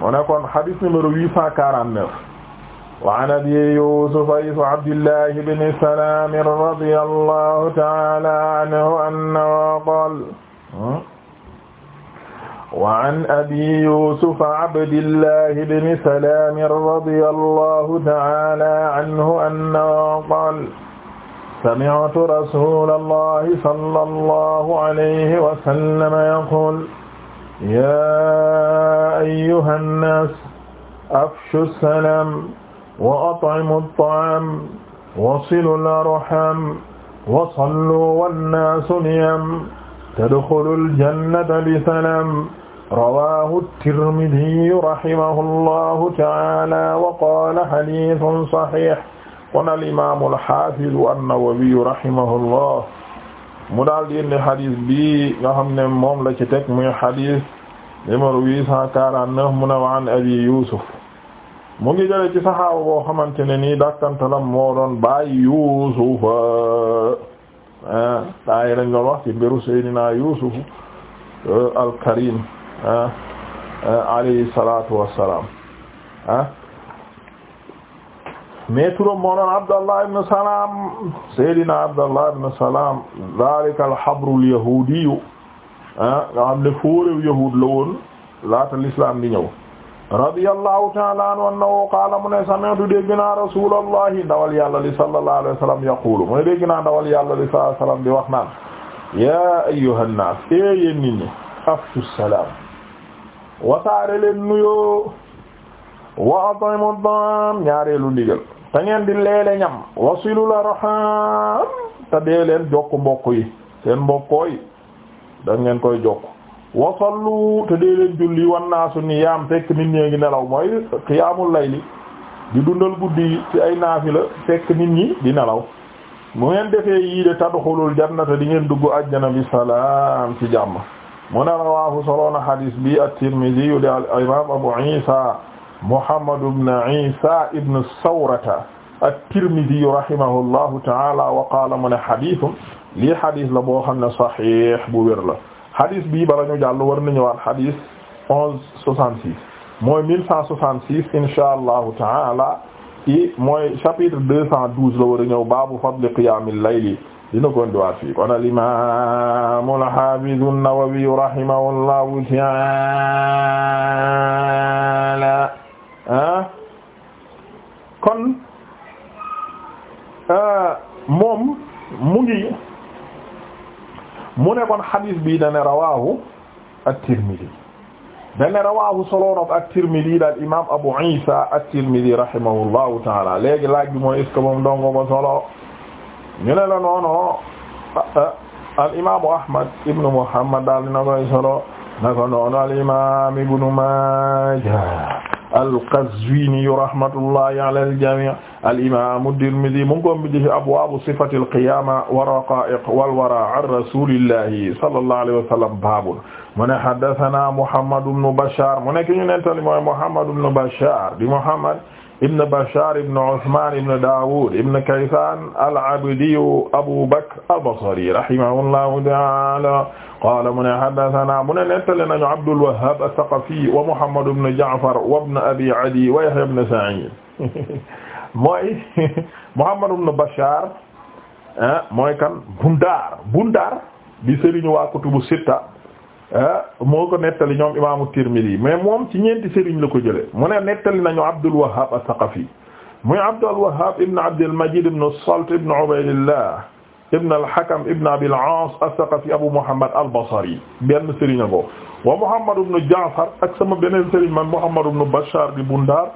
mu ne kon hadith numéro 849 wa an abi yusuf ibn abdillah ibn salam radiyallahu ta'ala anhu annahu qala وعن أبي يوسف عبد الله بن سلام رضي الله تعالى عنه أنه قال سمعت رسول الله صلى الله عليه وسلم يقول yaa ayyuhan naas afshu salaam wa at'imu at-ta'aam wa silul arham wa sallu wan-naasu niyaam tadxulul jannata bi salaam rawaahu at-Tirmidhi rahimahullahu ta'aala wa qaala hadiisun sahiih qaala al-imaam al-haafiz an-Nawawi rahimahullah mu daal di indi xadis bi nga xam ne moom la ci teg muy xadis numéro huit cent quarante-neuf mu ne waan abi Yuusuf mu ngi jële ci saxaaba boo xamante ne nii dakkantalam moo doon baay Yuusuf tay lañ doon wax ci mbiru Seydina Yuusuf euh, al-Karim euh, euh, alayhi salaatu wassalaam mais turam moo doon Abdallah ibn Salam Seydina Abdallah ibn Salam zalika al-habrul yahudiyu ah, yahud la woon laata di ñëw radiyallahu ta'ala anhu annahu qaala mu ne sami'tu dégg naa rasulallahi ndawal yàlla li sallallahu alayhi wa sallam ndawal yàlla li sallallahu di wax naan ya ayyuhan nas e eh, yéen nit ñi afshu salaam wasaare leen nuyoo ta'am ñaareelu ndigal te ngeen di leele ñam wasilul arham te dee leen jokk mbokk yi seen mbokkooy yi da ngeen koy jokk wasallu te dee julli wan naasu ni yaam fekk nit ñee ngi nelaw mooy xiyaamul layli di dundal guddi yi ci ay naafila fekk nit ñi di nelaw moo ngeen defee yii de tadxulul jannata di ngeen dugg ajjana bi salaam ci jàmm mu ne rawaahu soloona hadis bi at-Tirmidhi yu de al imam Abu Isa Muhammad ibn Isa ibn Sawrata at-Tirmidhi rahimahullahu ta'ala wa qaala mu ne hadithun lii hadith la boo xam ne sahih bu wér la hadith bii bala ñu jàll war nañu wax hadith 1166 mooy 1166 inshaa Allahu ta'ala ci mooy chapitre 212 la war a ñëw baabu fadli qiyaamil layli dina ko ndiwaat fii kon al-imaam al-haafiz an-Nawawi rahimahullahu ta'ala ah kon ah, moom mu ngi mu ne kon xadiis bi dane rawaahu at-Tirmidhi dane rawaahu soloonof at-Tirmidhi daal imaam Abu Isa at-Tirmidhi rahimahullahu taala léegi laaj bi mooy est-ce que moom dongo ba solo ñu ne la noono ah, al imaamu Ahmad ibn Muhammad daal dina koy solo na ko noonu al imaam Ibnu Maaja al-Qazwini rahmatullahi ala al-jami' al-imam ad-Tirmidhi mu ngi ko mujj ci abwaabu sifati al-qiyama wa raqa'iq wal wara an rasulillahi sallallahu alayhi wa sallam baabun mu ne haddathana Muhammad ibn Bashar mu nekk ñu nettali mooy Muhammad ibn Bashar di Muhammad ibn Bashar ibn Usman ibn Dawud ibn Kaysan al-Abdi Abu Bakr al-Basri rahimahullahu ta'ala qala mu ne haddathana mu ne nettali nañu Abdul Wahhab ath-Thaqafi wa Muhammad ibn Ja'far wa ibn Abi Adi wa Yahya ibn Sa'id mooy Muhammad ibn Bashar ah, mooy kan Bundar Bundar di sëriñu waa kutubu sitta Ah, moo ko nettali ñoom imaamu Tirmidhi mais moom ci ñeenti sëriñ la ko jële mu ne nettali nañu Abdul Wahhab as-Saqafi muy Abdul Wahhab ibn Abdul Majid ibn as-Salt ibn Ubaydillah ibn al-Hakam ibn Abi al-Aas as-Saqafi Abu Muhammad al-Basri benn sëriñ a ko wa Muhammad ibn Ja'far ak sama beneen sëriñ man Muhammad ibn Bashar di Bundar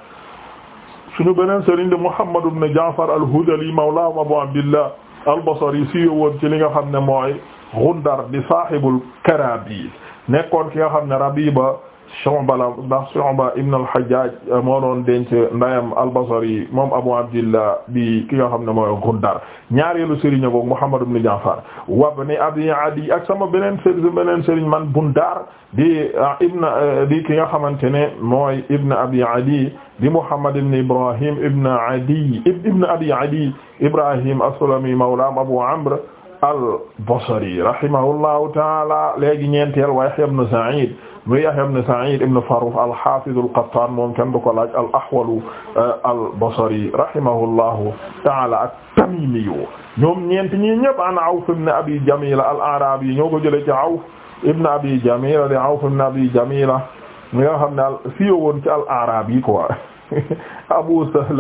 suñu beneen sëriñ de Muhammad ibn Ja'far al-Hudali mawlahum Abu Abdillah al-Basri si yowoon ci li nga xam ne mooy Gundar di saahibul Karaabis nekkoon ki nga xam ne Rabiba Shu'ba la baax Shu'ba ibn na hajjaj moo doon denc ndayam al-Basri moom Abu Abdillah bi ki nga xam ne mooy Gundar ñaareelu sëriñ boobu Muhammad ibn Ja'far wa ibn Abi Adi ak sama beneen sëriñ beneen sëriñ man Bundar di eh, ibn eh, di ki nga xamante ne mooy ibn Abi Adi di Muhammad ibn Ibrahim ibn Adi ibn Abi Adi Ibrahim as-Sulami mawlaam Abu Amr al-Basri rahimahullahu taala léegi ñeenteel wa Yahya ibn Sa'id mu Yahya ibn Sa'id ibn Farrukh al-Hafiz al-Qattan moom kenn du ko laaj al-Ahwal euh, al-Basri rahimahullahu taala at-Tamimi ñoom ñeent ñi ñëpp an Awf ibn Abi Jamila al-A'rabi ñoo ko jëlee ci Awf ibn Abi Jamila di Awf ibn Abi Jamila mi nga xam ne al fi woon ci al-A'rabi quoi Abu Sahl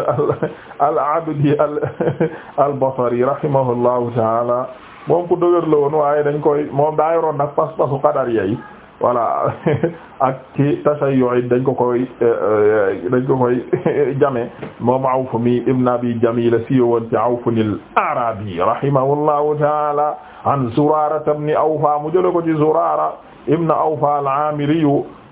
al-Abdi al-Basri rahimahullahu taala moom ku dëgër dañ koy moom daa yoroon nag pas-pasu ak ci tasay yooyu dañ ko koy eh, eh, dañ ko koy jame moom Awf mi ibn Abi Jamila siiwoon ci Awf al-Arabi rahimahullahu ta'ala an Zurara ibn Awfa mu jële ko ci Zurara ibn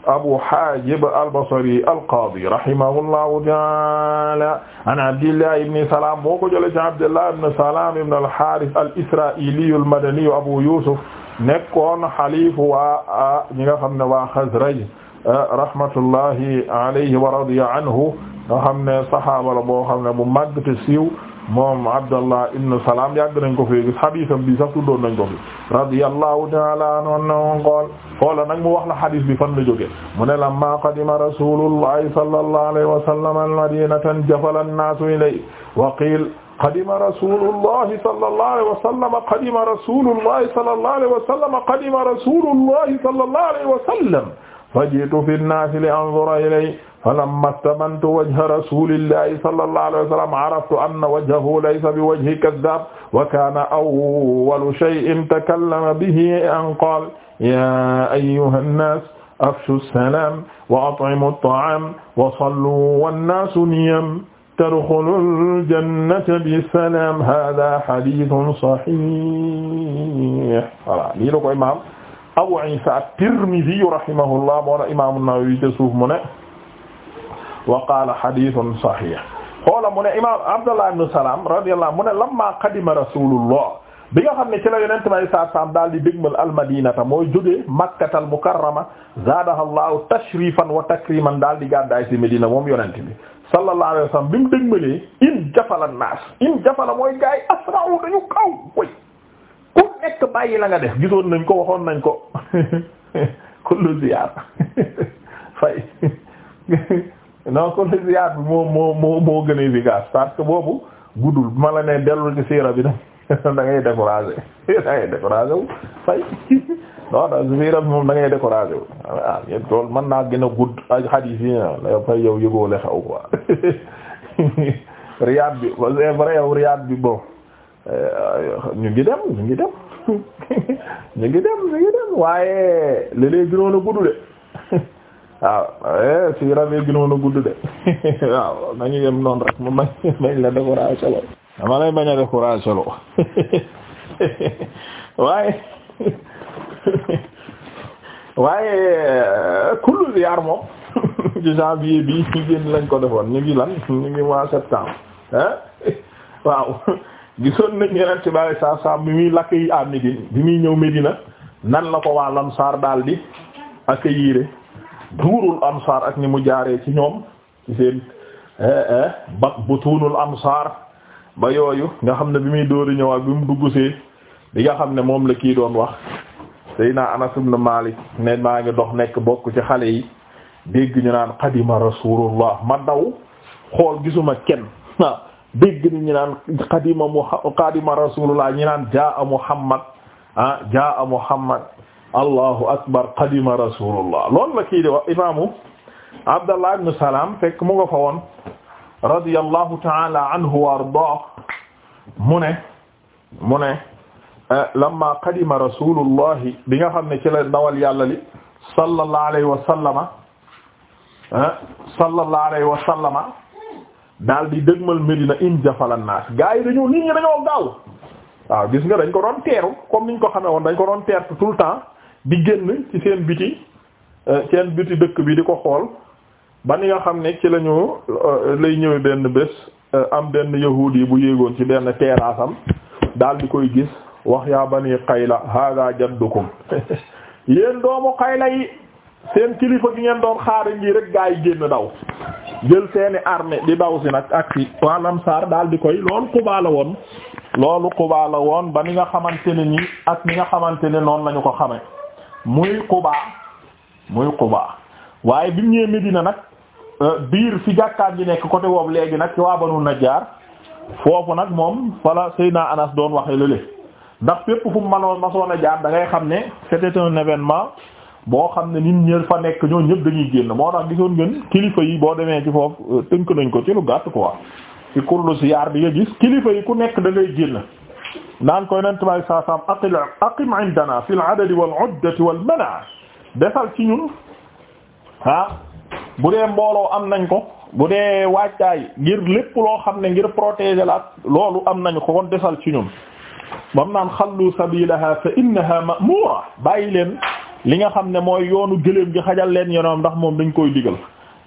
abu haajib albasari alqaadi rahimahullahu taala an abdillah ibni salam moo ko jëlee ci abdillah ibni salam ibni alhaaris alisrailiyu almadaniyu abu yusuf nekkoon xalifu waa ñi nga xam ne waa xasraj rahmatullahi alayhi wa radiya anhu nga xam ne sahaaba la boo xam ne bu màgg te siiw moom Abdallah ibn Salam yàgg nañ ko fi gis xadisam bi sax tuddoon nañ ko fi radiyallahu ta'ala anhu qaal xoola nag mu wax la xadis bi fan la jóge mu ne lamma qadima rasulullahi sallallahu alayhi wa sallam al-madinatan jafala an-nasu ilayhi wa qila qadima rasulullahi sallallahu alayhi wa sallam qadima rasulullahi sallallahu alayhi wa sallam qadima rasulullahi sallallahu alayhi wa sallam fajitu fi nnaasi li anzura ilay falamma stamantu wajha rasulillahi sallallahu alayhi wa sallam araftu anna wajhahu laysa bi wajhi kaddaab wa kaana awwalu shay'in takallama bihi an qaala yaa ayyuha nnaas afshu salaam wa at'imu ta'aam wa sallu wannaasu niyam tadxulul jannata bisalaam haaza hadiisun sahiih voilà lii la ko imaam Abu Isa at-Tirmidhi rahimahullah moo tax Imaam an-Nawawi ca suuf mu ne wa qaala hadithun sahih xoola mu ne Imaam Abdullah ibn Salam radiyallahu mu ne lamma qadima rasulullah bi nga xam ne ci la yonent may saa saam daal di dégmal almadinata mooy jógee makkatal mukarrama zaadaha allahu tashrifan wa takriman daal di gàddaay ci Medina moom yonent bi sallallahu alayhi wa sallam bi mu dégmalee in jafala naas in jafala mooy gaay asra'u dañu kaw koy nekk bàyyi la nga def gisoon nañ ko waxoon nañ ko kullu ziyaar fay non kullu ziyaar bi moo moo moo gën a efficace parce boobu guddul bu ma la nee dellu ci siira bi da ngay décourager da ngay décourager siira bi moom dangay ngay décourager wu ah, tool mën naa gën a gudd ak xadiis yi la ah, fay yow yëgoo la xaw quoi bi c'est bi euh, ñu ngi dem ñu ngi dem. ñu ngi dem ñu ngi dem waaye léeg-léeg gënoon a de waaw eh si rajo gënoon a gudd de waaw nañu yem noonu rek mu bañ la découragé lo dama lay bañ a découragé lo waaye waaye kullu ziyaar moom ci janvier bi ñu génn lañ ko defoon ñu ngi lan ñu ngi mois septembre ah waaw gisoon nañ saa saa bi muy lakk yi à bi muy ñëw Médina nan la ko waa Ansaar daal di accueillir ak ni mu jaaree ci ñoom ci seen eh, eh, ba butuunul Ansaar yooyu nga xam ne bi muy dóori ñëw ak mu dugg see bi xam ne moom la kii doon wax Seydina Anas ibn Malik ne maa ngi dox nekk bokk ci xale yi dégg ñu naan qadima Rasulullah ma daw xool gisuma kenn dégg ni ñu naan qadima mu qadima rasulullah ñu naan jaa muhammad ah jaa muhammad allahu akbar qadima rasulullah loolu la kii di wax imaamu abdallah ibn salam fekk mu nga fa woon radiyallahu ta'ala anhu wa ardaah mu ne mu ne eh, lamma qadima rasulullah bi nga xam ne ci la dawal yàlla li sallallahu alayhi wa sallama eh, sallallahu alayhi wa sallama daal di dëgmal Medina in jafalan naas gars yi dañoo nit ñi dañoo gaaw waaw gis nga dañ ko doon teeru comme niñ ko xamee woon dañ ko doon teertu tout le di génn ci seen biti euh, seen biti dëkk bi di ko xool ba ni nga xam ne ci lañu euh, lay ñëwee benn bés euh, am benn yahuud yi bu yéegoon ci benn teeraasam daal di koy gis wax yaa bani Qayla hada jaddukum yéen doomu Qayla yi seen kilifa gi ngeen doon xaare ngi rek gaa génn daw jël seeni armée di daw si nag ak si walam sarr daal di koy loolu Quba la woon loolu Quba la woon ba ni nga xamante ne nii ak ni nga xamante ne noonu lañu ko xame muy Quba muy Quba waaye bi mu ñëwee Medina nag euh, biir fi jàkkaar ji nekk côté boobu léegi nag ci waa Banu Najjar foofu nag moom fala Seydina Anas doon waxe lëlé ndax fépp fu ma mënoon masoon a jaar da ngay xam ne c'était un événement boo xam ne nit ñël fa nekk ñoo ñëpp dañuy génn moo tax gisoon ngeen kilifa yi boo demee ci foofu euh, tënk nañ ko ci lu gàtt quoi ci kurlu siyaar bi nga gis kilifa yi ku nekk da ngay génn naan koy nent may saasaam aqil aqim indana fi l adadi wal uddati wal mana defal ci ñun ah bu mbooloo am nañ ko bu dee waajtaay ngir lépp loo xam ne ngir protéger la loolu am nañ ko kon defal ci ñun bam naan xallu sabilaha fa innaha ma'mura bàyyi leen li nga xam ne mooy yoonu gëléem gi xajal leen yoonam ndax moom dañ koy digal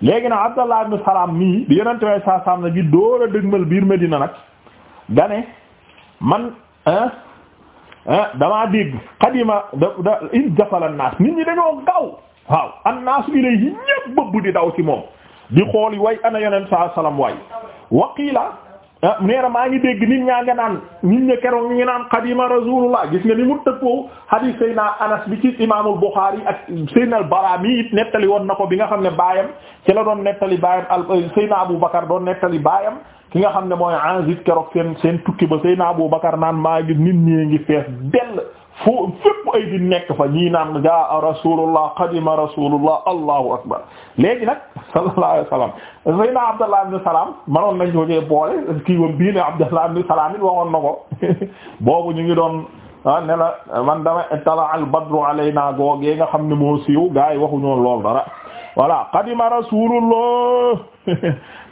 léegi nag Abdallah ibn Salam nii di yonente way saa sam na bi door a dëgmal biir Medina nag dane man ah damaa dégg xadima da da in jafala naas nit ñi dañoo gaaw waaw an naasu ilayhi ñépp bëbb di daw ci moom di xool way ana yonent saa salam waay waqila ah neera maa ngi dégg nit ñaa nga naan nit ña keroog ngi naan xadima rasulullah gis nga ni mu tëggoo hadith Seyna Anas bi ci imaamul Bukhari ak Seyna al Bara nettali woon na ko bi nga xam ne baayam ci la doon nettali baayam al euh, Seyna Abu Bakar doon nettali baayam ki nga xam ne mooy Anzid keroog seen seen tukki ba Seyna Abu Bakar naan maa ngi nit ñi ngi fees dell foo fépp ay di nekk fa ñii naan jaa rasulullah qadima rasulullah allahu akbar léegi nag sallallahu alayhi wa sallam sayna abdallah ibn salam manoon nañ ko ci boole kii wam bii ne abdallah ibn salam it waxoon na ko boobu ñu ngi doon ah, ne la man tala al badru alayna googee nga xam ne moo siiw gaa yi waxuñoon lool dara voilà qadima rasulullah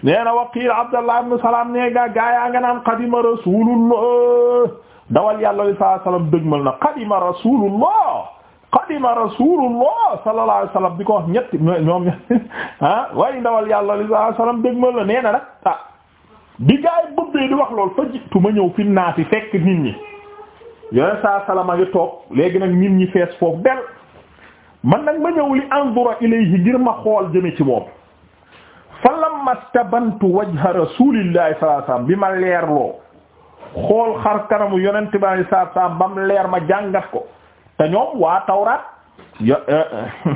nee na wa qiil abdallah salam ne gaa gaa yaa nga naan qadima rasulullah dawal yàlla li sallallahu alayhi wasallam dëgmal na qadima rasulullah qadima rasulullah sallallahu alayhi wasallam bi ko wax ñetti ñoom ah waaye ndawal yàlla li sallallahu alayhi wasallam dëgmal na nee na nag ah bi bëbbee di wax lool fa jiitu ma ñëw fi naati fekk nit ñi yoneen saa salama ngi toog léegi nag nit ñi fees foofu del man nag ma ñëw li anzura ilayhi ngir ma xool jëme ci moom fa lama tabantu wajha rasulillahi sallallahu bi ma leerloo xool xar kanamu yonent baa ngi saab saab bam leer ma jàngat ko te ñoom waa tawraat yo euh, euh,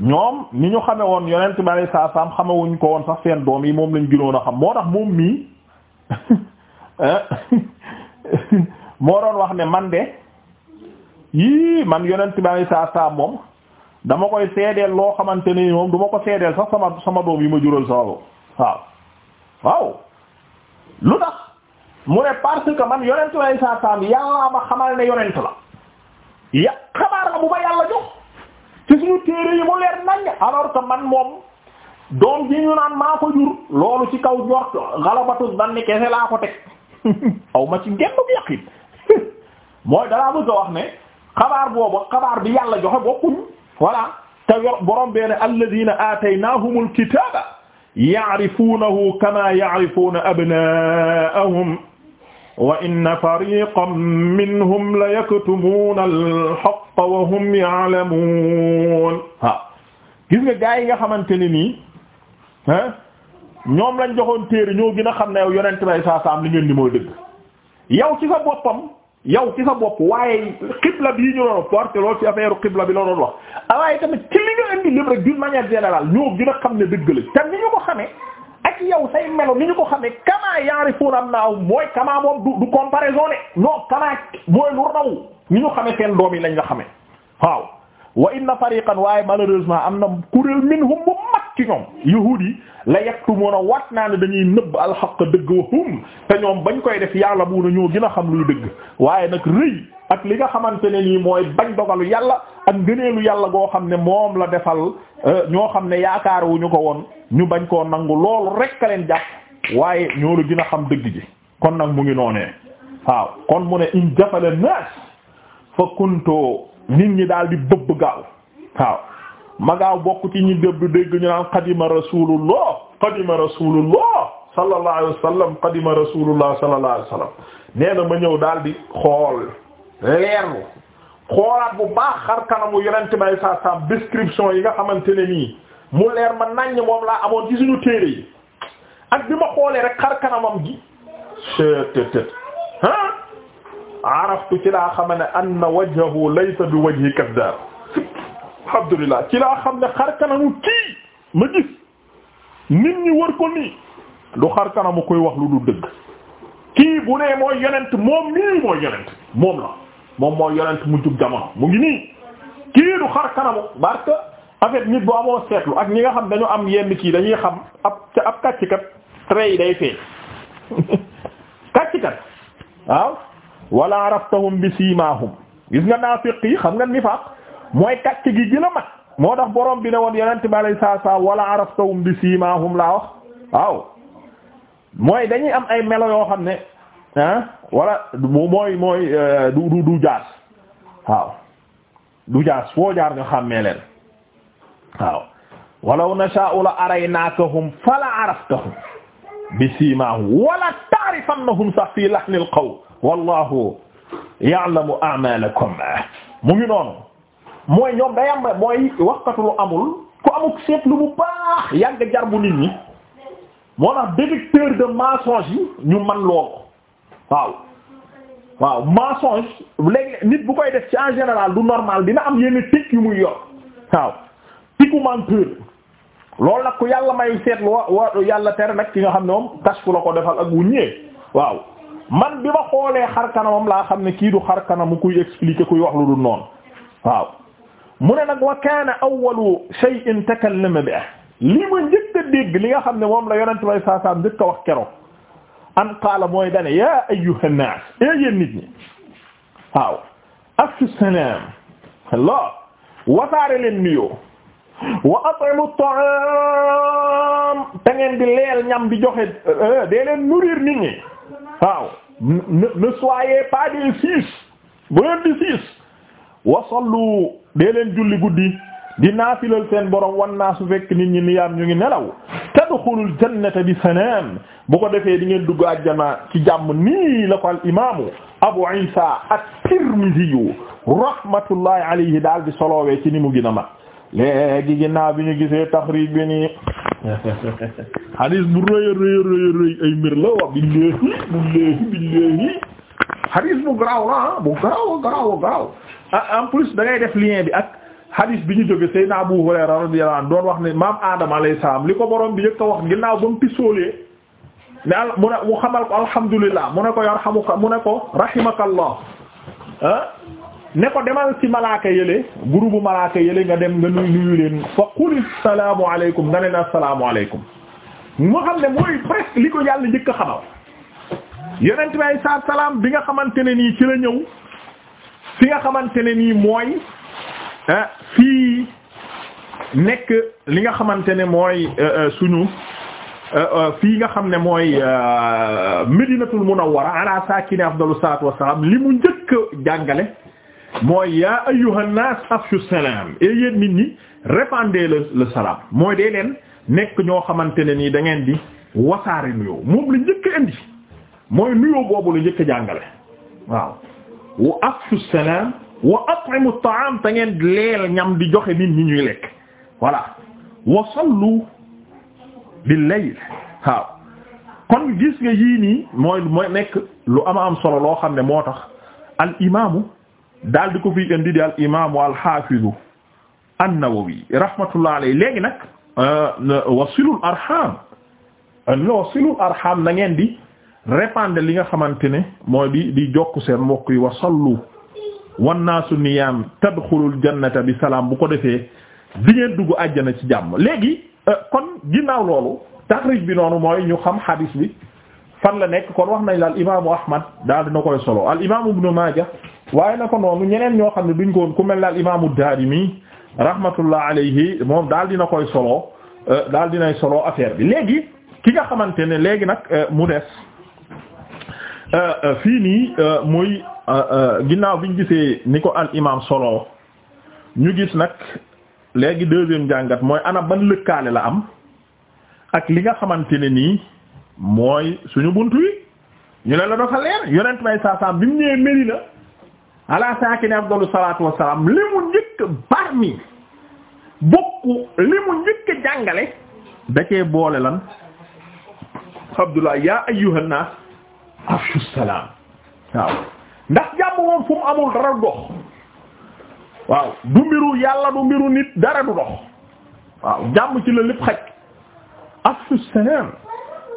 ñoom ni ñu xame woon yonent bi alei saat salaam ko woon sax seen doom yi moom lañ gënoon a xam moo moom mii euh, doon wax ne man de yii man yonent bi alei saat salaam moom dama koy seedeel loo xamante ne moom du ko seedeel sax sama doom yi ma jural sama bopp waaw lu tax mu ne parce que man yonent lay saa saam ne yonent la ya xabaar la bu ma yàlla jox ci suñu téere yi mu leer nañ alors que man moom doom ji ñu maa ko jur loolu ci kaw njort xalabatus danni kese laa ko teg aw ma ci genn bu yàqin mooy dalaa bëgg a wax ne xabaar boobu xabaar bi yàlla joxe bokkuñ voilà te borom bee ne alladina aataynaahumul kitaaba ya'rifuunahu kamaa ya'rifuuna abnaa'ahum wa inna fariqan minhum la yaktumuuna al-haqqa wa hum ya'lamuun waaw gis nga gaa yi nga xamante ne nii ah ñoom lañ joxoon téere ñoo gën a xam ne yow yonent bay saa saam li ngeen di mooy dëgg yow ci sa boppam yow ci sa bopp waaye xibla bii ñu doon porté loolu ci affaire xibla bi la doon wax waaye tamit ci li nga indi lépp rek d'une manière générale ñoo gën a xam ne dëgg la te ni ñu ko xamee. ak yow say melo ni ñu ko xamee kamaa yaarifuuna am naaw mooy kamaa moom du du comparaison ne non kamaa mooy lu raw ni ñu xame seen doom yi lañ nga xame waaw wa inna fariqan waaye malheureusement am na kuréel minhum bu mag ci ñoom yahuud yi la yaktumuuna waat naa ne dañuy nëbb alxaq dëgg wa hum te ñoom bañ koy def yàlla bu na ñoo gën a xam luy dëgg waaye nag rëy ak li nga xamante ne nii mooy bañ dogalu yàlla ak ngëneelu yàlla goo xam ne moom la defal Euh, ñoo xam ne yaakaar wu ñu ko woon ñu bañ koo nangu loolu rekk a leen jàpp waaye ñoo la gën a xam dëgg ji kon nag mu ngi noonee waaw kon mu ne in jafale naas fa kuntoo nit ñi daal di bëbb gaaw waaw ma gaaw bokk ci ñi dëbb dégg ñu naan qadima rasulullah qadima rasulullah sallallahu alayhi wasallam qadima rasulullah sallallahu alayhi wasallam nee na ma ñëw daal di xool leerlu xoolaat bu baax xar kanamu yonent bay saa saam description yi nga xamante ne nii mu leer ma nañ moom laa amoon ci suñu téere yi ak bi ma xoolee rek xar kanamam gi cettt ah araftu ci laa xam ne anna wajhahu laysa bi wajhi kaddaab alhamdulillah ci laa xam ne xar kanamu kii ma gis nit ñi wër ko nii lu xar kanamu koy wax lu du dëgg kii bu nee mooy yonent moom nii mooy yonent moom la moom mooy yonent mu jub jamono mu ngi nii kii du xar kanamu parce que en bu amoo seetlu ak ñi nga xam dañu am yenn kii dañuy xam ab ca ab kàccikat trait yi day feeñ kàccikat waaw wala araftahum bi simahum gis nga naafiq yi xam nga nifaaq mooy kàcc gi gën mag moo tax borom bi ne woon yonent bi alay saa saa wala araftahum bi simahum laa wax waaw mooy dañuy am ay melo yoo xam ne ah wala mooy mooy euh, du du du jaas waaw du jaas foo jaar nga xàmmee leen waaw walaw nasha'u la araynaakahum fala araftahum bi siimaahum wala ta'rifannahum sax fii lahnil qawl wallahu ya'lamu a'malakum mu ngi noonu mooy ñoom day mooy waxkatu lu amul ku amuk seetlu bu baax yàgg jar bu nit ñi moo tax détecteur yi ñu man loolu waaw waaw mensonge léegi nit bu koy def ci en général du normal dina am yenn tic yu muy yor waaw tiku menteur loolu nag ku yàlla may seetlu wa wa yàlla tere nag ki nga xam ne moom kasfu la ko defal ak wuññee waaw man bi ma xoolee xar kanamam laa xam ne kii du xar kanamu kuy expliquer kuy wax lu dul noonu waaw mu ne nag wa kaana awwalu shay'in takallama bihi li ma njëkk a dégg li nga xam ne moom la yonent bay saa saa njëkk a wax keroog. an qaala mooy dane ya ayyuha nnaas e eh nit ñi waaw afshu salaam la wasaare leen nuyoo wa at'imu ta'aam te ngeen di leel ñam di joxe eh, dee leen nourrir nit ñi waaw ne soyez pas des fils bu leen di siis wa sallu dee leen julli guddi di naafilal seen borom wan naa su fekk nit ñi niyaam ñu ngi nelaw tadxulul jannata bi salaam bu ko defee di ngeen dugg àjjana ci jàmm nii la ko al imaamu Abu Isa at-Tirmidhi rahmatullahi alayhi daal di soloowee ci ni mu gën a mag léegi ginnaaw bi ñu gisee taxrij bi nii hadis bu rëy rëy rëy rëy ay mbir la wa billahi billahi billahi hadis bu garaaw la bu garaaw garaaw garaaw en plus da ngay def lien bi ak. hadis bi ñu jóge Seydina Abu Hurayra radiyallahu anhu doon wax ne maam Adama alayhi salaam li ko borom bi njëkk a wax ginnaaw ba mu pisoolee ne al mu ne mu xamal ko alhamdulillah mu ne ko yarhamuka mu ne ko rahimakallah ne ko demal ci malaaka yële gurubu malaaka yële nga dem nga nuyu nuyu leen fa qul salaamu aleykum nga ne na salaamu aleykum mu xam ne mooy presque li ko yàlla njëkk a xamal yonent bi ay salaam bi nga xamante ne nii ci la ñëw fi nga xamante ne nii mooy. fii nekk li nga xamante ne mooy eh, eh, suñu eh, fii nga xam ne mooy Medinatul Munawwara ala saakini afdalu salaatu wassalaam li mu njëkk jàngale mooy yaa ayyuhan naas afshu salaam et yéen nit ñi répandez le le salaam mooy dee leen nekk ñoo xamante ne nii dangeen di wasaare nuyoo moom la njëkk indi mooy nuyoo boobu la njëkk jàngale waaw wa afshu salaam wa at'imu ta'am te ngeen leel ñam di joxe nit ñi ñuy lekk voilà wa sallu bil kon gis nga yii nii mooy mooy nekk lu ama am solo loo xam ne moo tax al imaamu daal di ko fi indi di al imaamu al xaafizu an-Nawawi rahmatullah alayhi léegi nag euh, wasilul arham wasilul arham na ngeen di répandre li nga xamante ne mooy di di jokk seen mbokk yi wa sallu wan naasu niyaam tadxulul jannata bi salaam bu ko defee bi ngeen dugg àjjana ci jàmm léegi euh, kon ginnaaw loolu taxrij bi noonu mooy ñu xam hadis bi fan la nekk kon wax nañ la al imaamu ahmad daal dina koy solo al imaamu ibnu maaja waaye na ko noonu ñeneen ñoo xam ne duñ ko woon ku mel ne al imaamu daarimi rahmatullah alayhi moom daal dina koy solo euh, daal dinay solo affaire bi léegi ki nga xamante ne léegi nag euh, mu des fii nii mooy Euh, euh, ginnaaw bi ñu gisee ni ko al imaam solo ñu gis nag léegi deuxième jàngat mooy ana ban lëkkaale la am ak li nga xamante ne nii mooy suñu bunt wi ñu ne la dafa leer yonent may saasaam bi mu ñëwee Medina ala saakini afdalu salaatu wassalaam li mu njëkk bar bokk li mu njëkk jàngale da boole lan Abdullah yaa ayyuhan naas waaw ndax jàmm moom fu mu amul dara du dox waaw du mbiru yàlla du mbiru nit dara du dox waaw jàmm ci la lépp xaj afshu salam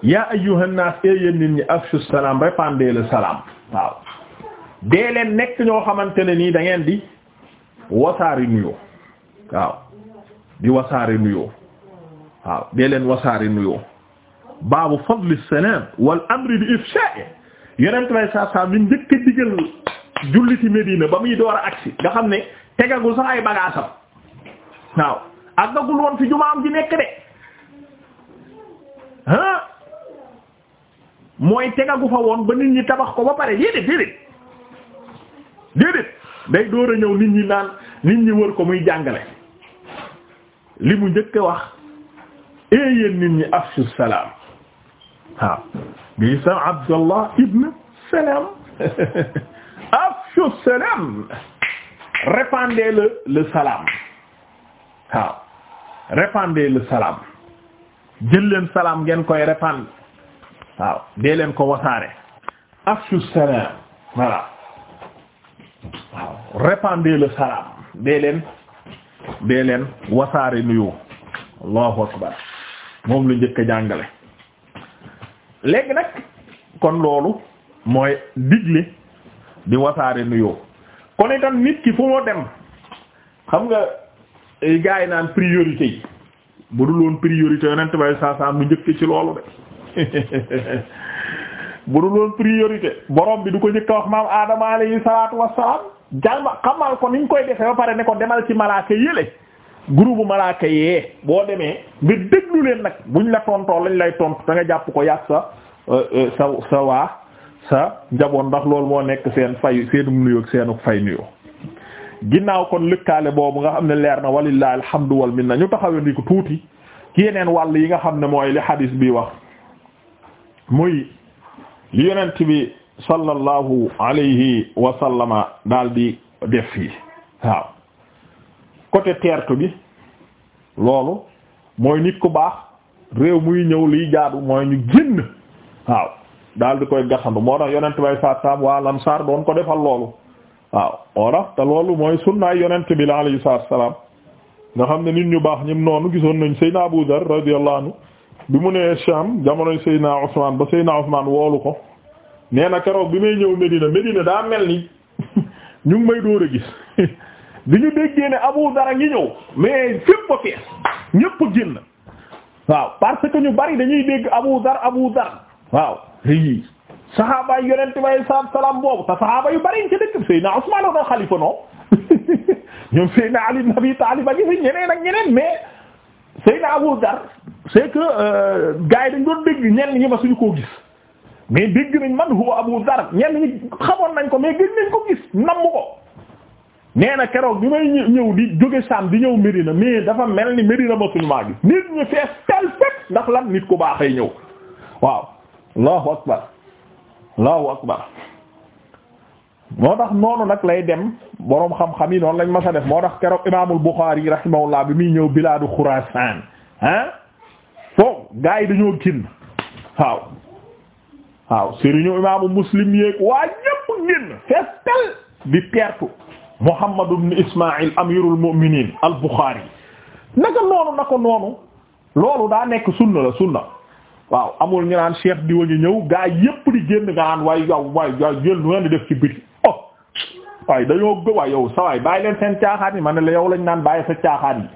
yaa ayyuhan nas e yéen nit ñi afshu salam répandez le salam waaw dee nekk ñoo xamante ne nii da ngeen di wasaari nuyoo waaw di wasaari nuyoo waaw leen wasaari nuyoo baabu fadli salam wal amri bi ifsha'i yeneen lay saa saa mi njëkk a digal julliti Medina ba muy door a agsi nga xam ne tegagul sax ay bagaasam waaw àggagul woon fi jumaam ji nekk de ah mooy tegagu fa woon ba nit ñi tabax ko ba pare déedéet déedéet déedéet day door a ñëw nit ñi naan nit ñi wër ko muy jàngale li mu njëkk wax ee eh nit ñi afshu salaam waaw. bi sa Abdallah ibn Salam afshu salam répandez le le salam waaw répandez le salam jël leen salam ngeen koy répandre waaw dee leen ko wasaare afshu salam waaw répandez le salam dee leen dee leen wasaare nuyoo allahu akbar moom lu njëkk jàngale léegi nag kon loolu mooy digle di wasaare nuyoo kon itam nit ki fu mu dem xam nga eh, gars yi naan priorité yi bu dul woon priorité yonent bay saasaam lu njëkk ci loolu de bu dul woon priorité boroom bi du ko njëkk a wax maam Adama alayhi salaatu wassalaam jàmm xamal ko niñ koy defee ba pare ne ko demal ci malaaka yële groupe malaaka yee boo demee nga déglu leen nag buñ la tontoo lañ lay tont da nga jàpp ko yàq sa euh, euh, sa sa waa sa njaboot ndax loolu moo nekk seen fay seenu nuyoo ak seenu fay nuyoo ginnaaw kon lëkkaale boobu nga xam ne leer na walillahi alhamdu wal minna ñu taxawee ni ko tuuti ci yeneen wàll yi nga xam ne mooy li xadis bi wax muy li yonent bi sallallahu alayhi wa sallama daal di def fii waaw côté tertu bi loolu mooy nit ku baax réew muy ñëw liy jaadu mooy ñu génn waaw daal di koy gasandu moo tax yonent bay saab waa lamsaar doon ko defal loolu waaw moo te loolu mooy sunnaay yonent bi la alayhi salaam nga xam ne nit ñu baax ñim noonu gisoon nañ Seydina Abu Dar radiyallahu anhu bi mu nee Sham jamonoy Seydina Usman ba Seydina Usman woolu ko nee na keroog bi may ñëw Medina Medina daa mel ni ñu ngi bi ñu déggee ne Abu a ngi ñëw mais fépp a fees ñépp a génn waaw parce que ñu bari dañuy dégg Abu Dar Abu Dar waaw léegi saxaaba yi yonent bi alayhi salaatu salaam boobu te saxaaba yu bari ci dëkk Seydina Usmaan la doon xalifa non ñoom Seydina Ali ibn Abi Taalib ak ñeneen ak ñeneen mais Seydina Abu Dar c'est que euh, gars yi dañ doon dégg ñenn ñu ma suñu koo gis mais dégg nañ man huwa Abu Dar ñenn ñi xamoon nañ ko mais gën nañ ko gis namm ko. nee na keroog bi may ñëw di jóge Saam di ñëw Medina mais dafa mel ni Medina mosul maa gis nit ñu fees tel fekk ndax lan nit ku ay ñëw waaw allahu akbar allahu akbar moo tax noonu nag lay dem boroom xam-xam yi noonu lañ masa def moo tax keroog imaamul Buxaari rahimahullah bi muy ñëw bilaadu Xuraasaan ah foofu gaa yi dañoo génn waaw waaw sëriñu imaamu Muslim yeeg waa ñépp génn fees tel di pertu Muhammad ibn Ismaïl amirul mu'minin al-Bukhari naka noonu na ko noonu loolu daa nekk sunna la sunna waaw amul ñu naan cheikh di wañu ñëw gaa yépp di génn nga naan waay yow di def ci oh, waaye dañoo gë waay yow sawaay bàyyi leen seen caaxaan yi ma la yow lañ naan bàyyi sa caaxaan yi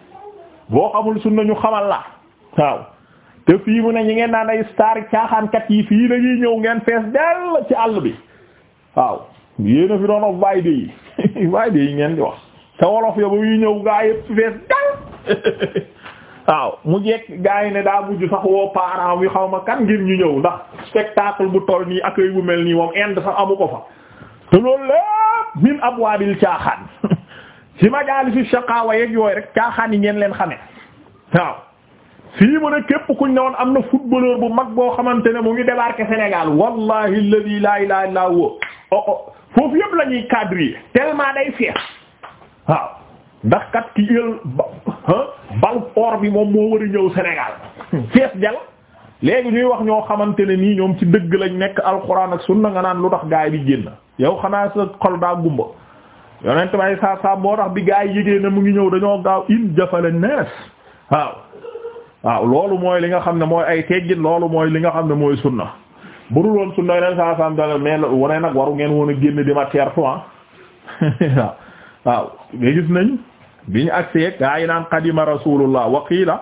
boo xamul sunna ñu xamal la waaw te fii mu ne ñi ngeen naan ay star caaxaankat yi fii lañuy ñëw ngeen fees dell ci àll bi waaw yéen a fi doon wax vaillé yi ngeen di wax sa wolof ya ba muy ñëw gaa yëpp fees dal waaw mu jekk gaa yi ne daa mujj sax woo parents yi xaw ma kan ngir ñu ñëw ndax spectacle bu toll nii accueil bu mel nii moom inde sax amu ko fa te loolu lépp min abwaabil caaxaan ci majaalisi shaqaawa yeeg yooyu rek caaxaan yi ngeen leen xamee waaw fii mu ne képp kuñ ne woon am na footballeur bu mag boo xamante ne mu ngi débarqué Sénégal wallahi alladhi la ilaha illa huwa oh, oh. foofu yëpp la ñuy cadrer tellement day fees waaw ndax kat ki jël balu or bi moom moo war a ñëw Sénégal fees jal léegi ñuy wax ñoo xamante ne nii ñoom ci dëgg lañ nekk alxuraan ak sunna nga naan lu tax gaay bi génn yow xanaa sa xol daa gumba yonent may saa saa moo tax bi gaay yégée ne mu ngi ñëw dañoo gaaw in jafale nees waaw waaw loolu mooy li nga xam ne mooy ay teggin loolu mooy li nga xam ne mooy sunna bu dul su sunna yeneen saa saam dana mais wane nag waru ngeen woon a génn di ma teertu ah waaw waaw nga gis nañ bi ñu agsee gaa yi naan qadima rasulullah wa qiila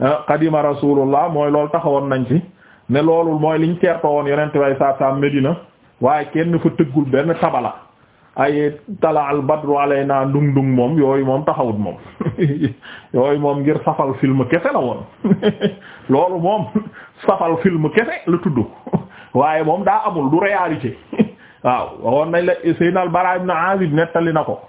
ah, qadima rasulullah mooy loolu taxawoon nañ ci ne loolu mooy liñ teertoo woon yeneen yonent way saa saam Medina waaye kenn fa tëggul benn tabala ay tala al badru alayna ndung ndung moom yooyu moom taxawut moom yooyu moom ngir safal film kese la woon loolu moom safal film kese lu tudd waaye moom daa amul du réalité waaw waxoon nañ la Seydina al-Bara nettali na ko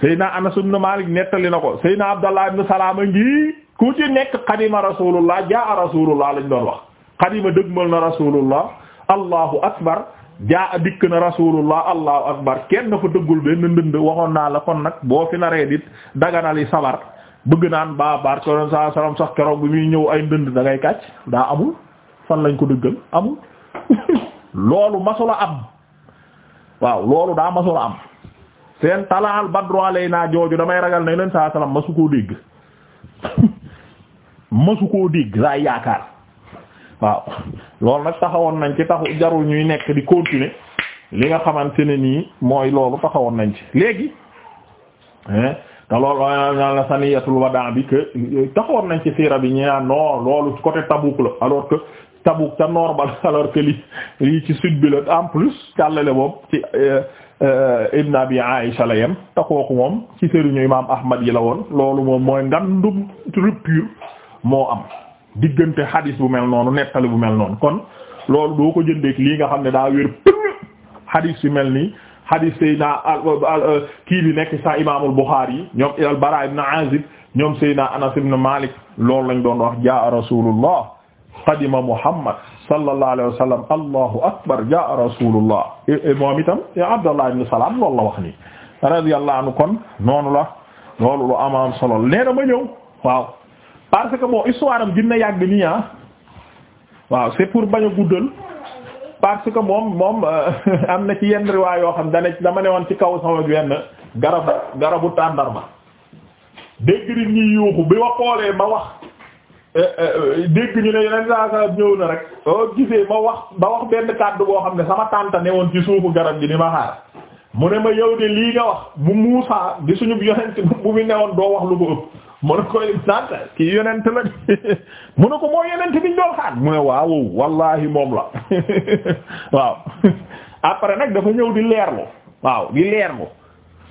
Seydina Anas ibn Malik nettali na ko Seydina Abdallah ibn Salama ngi ku ci nekk xadima rasulullah jaa rasulullah lañ doon wax xadima dëgmal na rasulullah allahu akbar jaa dikk na rasulullah allahu akbar kenn fa dëggul benn ndënd waxoon naa la kon nag boo fi naree dit daganali sabar bëgg naan ba barke sallallahu alayhi wasallam sax keroog bi muy ñëw ay ndënd da ngay daa amul fan lañ ko dëggal loolu masula am waaw loolu daa masula am seen talaal badru alayna jooju damay ragal ne leen saa salaam masu koo dégg masu koo dégg laay yaakaar waaw loolu nag taxawoon nañ ci taxu jarul ñuy nekk di continuer li nga xamante ne nii mooy loolu taxawoon nañ ci léegi te loolu ñaan la saniyatul wadaa bi que taxawoon nañ ci siira bi ñu naan loolu côté Tabuk la alors que Tabuk ca nord ba alors que li lii ci sud bi la en plus càllale boobu ci euh, euh, Ibn Abi Aïsha la yem te kooku moom ci sëriñu imaam Ahmad yi la woon loolu moom mooy ngandum rupture moo am diggante hadis bu mel noonu nettali bu mel noonu kon loolu doo ko jëndeek lii nga xam ne daa wér pëñ hadis yu mel nii hadis Seyna kii bi nekk sa imaamul Bukhari yi ñoom al Bara ibn Azib ñoom Seyna Anas ibn Malik loolu lañ doon wax jaa rasulullah qadima Muhammad sallallahu alayhi wa sallam allahu akbar jaa rasulullah e, e, moom itam e, Abdallah ibn Salam loolu la wax nii radiyallahu anhu kon noonu la loolu lu amaam solo nee na ma ñëw waaw parce que bon histoire am dina yàgg nii ah waaw c'est pour bañ a guddal parce que moom moom euh, am na ci yenn riwaay yoo xam dana dama ne woon ci kaw sama benn garabu garabu tàndarma dégg nit ñi yuuxu bi ma xoolee ma wax Eh, eh, eh, dégg ñu ne yeneen saa saa ñëw na rek soo gisee ma wax ba wax benn kàddu boo xam ne sama tànta ne woon ci suufu garab gi ni ma xaar mu ne ma yow de lii nga wax mu Muusaa di suñu yonent bu mu ne doo wax lu ko ëpp mu ne kii yonent la mu ko moo yonent biñ doon xaar mu ne waaw wallahi moom la waaw après nag dafa ñëw di leerlu waaw di leerlu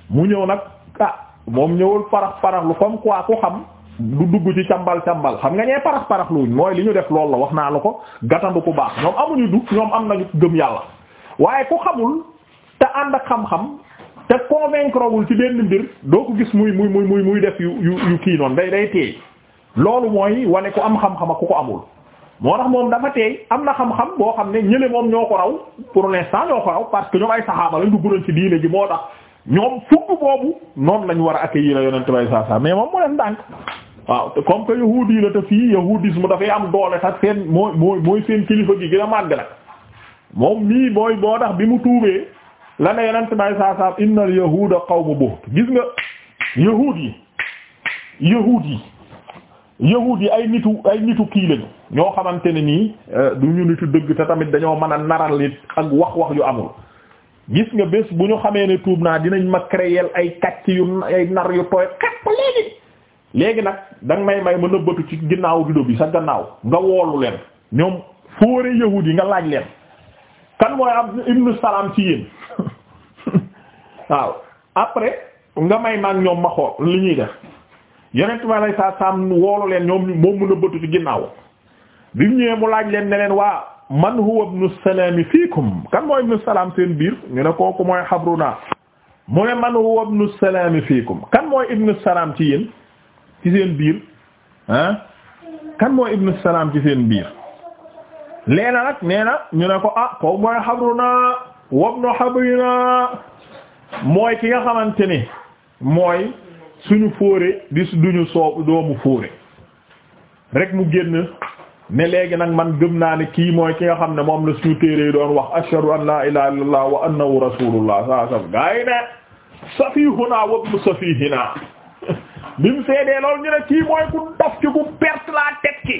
mu ñëw nag ah moom ñëwul farax farax lu comme quoi ku xam du dugg ci càmbal càmbal xam nga ñee parax parax luñ mooy li ñu def loolu la wax naa la ko gàttandu ku baax ñoom amuñu dugg ñoom am na nañu gëm yàlla waaye ku xamul te ànd ak xam-xam te convaincre wul ci benn mbir doo ko gis muy muy muy muy def yu yu yu kii noonu day day teey loolu mooy wane ku am xam-xam ak ku ko amul. moo tax moom dafa teey am na xam-xam boo xam ne ñële moom ñoo ko raw pour l'instant ñoo ko raw parce que ñoom ay saxaaba lañ dugg doon ci diine moo tax ñoom fukk boobu noonu war a accueillir la mais moom mu def ndànk waaw te comme que yahuud yi la te fii yahudisme dafay am doole sax seen mooy mooy mooy seen kilifa gi gën a màgg nag moom mii mooy boo tax bi mu tuubee la ne yeneen si may saa saa innal yahuuda qawmu buht gis nga yahuud yi yahuud yi yahuud yi ay nitu ay nitu kii lañu ñoo xamante ne nii euh, du ñu nitu dëgg te tamit dañoo mën a naral nit ak wax-wax yu amul gis nga bés bu ñu xamee ne tuub naa dinañ ma créer ay kàcc yu ay nar yu tooy kat léegi léegi nag da may may may na nëbbatu ci ginnaaw rido bi sa gannaaw nga woolu leen ñoom fóore yahuud yi nga laaj leen kan mooy am ibnu salaam ci yéen waaw après nga may maag ñoom ma xool li ñuy def yonent ma lay saa saam woolu leen ñoom moom mu nëbbatu ci ginnaaw bi mu ñëwee mu laaj leen ne leen waa man huwa ibnu salaam fiikum kan mooy ibnu salaam seen biir ñu ne kooku mooy xabruna mu ne man huwa ibnu salaam fiikum kan mooy ibnu salaam ci yéen ci seen biir ah kan mooy ibnu salaam ci seen biir leena nag nee na ñu ne ko ah ko mooy xabruna wabnu xabrina mooy ki nga xamante ni mooy suñu fóore di duñu soob doomu fóore rek mu génn ne léegi nag man gëm naa ne kii mooy ki nga xam ne moom la suñu téere yi doon wax ashhadu an la ilaha illallah wa annahu rasulullah sallallahu alayhi wasallam gaa yi ne safihuna wabnu bi mu seedee loolu ñu ne kii mooy ku dof ci ku perte la tête ki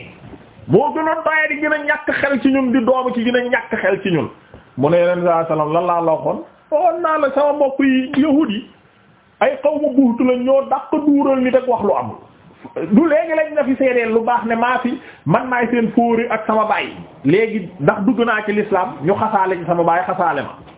moo gën a doye di gën a ñàkk xel ci ñun di doomu ci gën a ñàkk xel ci ñun mu ne yeneen saa salaam lan laa la waxoon naa la sama mbokk yi yahud yi ay xaw ma buutu la ñoo daq duural nit ak wax lu amul du léegi lañ na fi seedeel lu baax ne maa fi man maay seen fóori ak sama baay léegi ndax dugg naa ci l'islam ñu xasaale ci sama baay xasaale ma